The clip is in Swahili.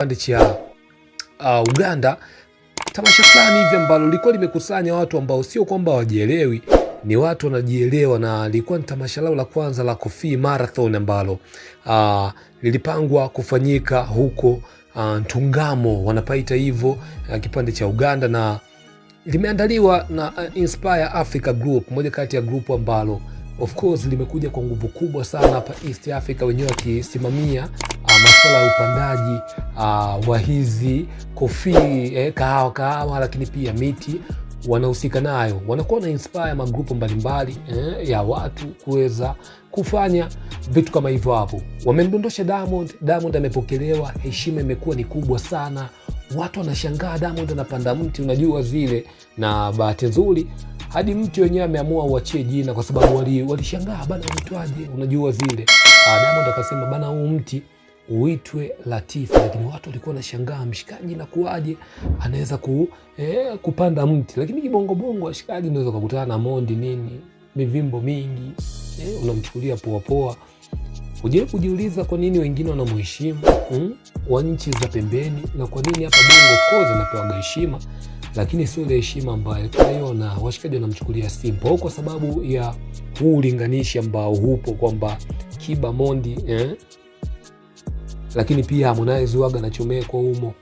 Kipande cha uh, Uganda tamasha fulani hivi ambalo lilikuwa limekusanya watu ambao sio kwamba wajielewi, ni watu wanajielewa, na lilikuwa ni tamasha lao la kwanza la Coffee Marathon ambalo uh, lilipangwa kufanyika huko uh, Ntungamo wanapaita hivyo uh, kipande cha Uganda, na limeandaliwa na uh, Inspire Africa Group, moja kati ya grupu ambalo of course limekuja kwa nguvu kubwa sana hapa East Africa, wenyewe wakisimamia uh, masuala ya upandaji uh, wa hizi kofi eh, kahawa kahawa, lakini pia miti wanahusika nayo, wanakuwa na inspire magrupu mbalimbali eh, ya watu kuweza kufanya vitu kama hivyo. Hapo wamemdondosha Diamond. Diamond amepokelewa, heshima imekuwa ni kubwa sana, watu wanashangaa Diamond anapanda mti, unajua zile. Na bahati nzuri hadi mti wenyewe ameamua uachie jina, kwa sababu walishangaa wali bana, uitwaje? Unajua zile, ah, Diamond akasema bana, huu mti uitwe Latifu, lakini watu walikuwa wanashangaa mshikaji na kuaje anaweza ku, eh, kupanda mti, lakini kibongobongo washikaji unaweza kukutana na mondi nini mivimbo mingi eh, unamchukulia poapoa. Ujai kujiuliza kwa nini wengine wanamuheshimu mm, wa nchi za pembeni na kwa nini hapa Bongo koza anapewaga heshima lakini sio ile heshima ambayo tunaiona washikaji wanamchukulia Simba kwa sababu ya huu ulinganishi ambao hupo kwamba Kiba Mondi eh, lakini pia Harmonize na anachomekwa humo.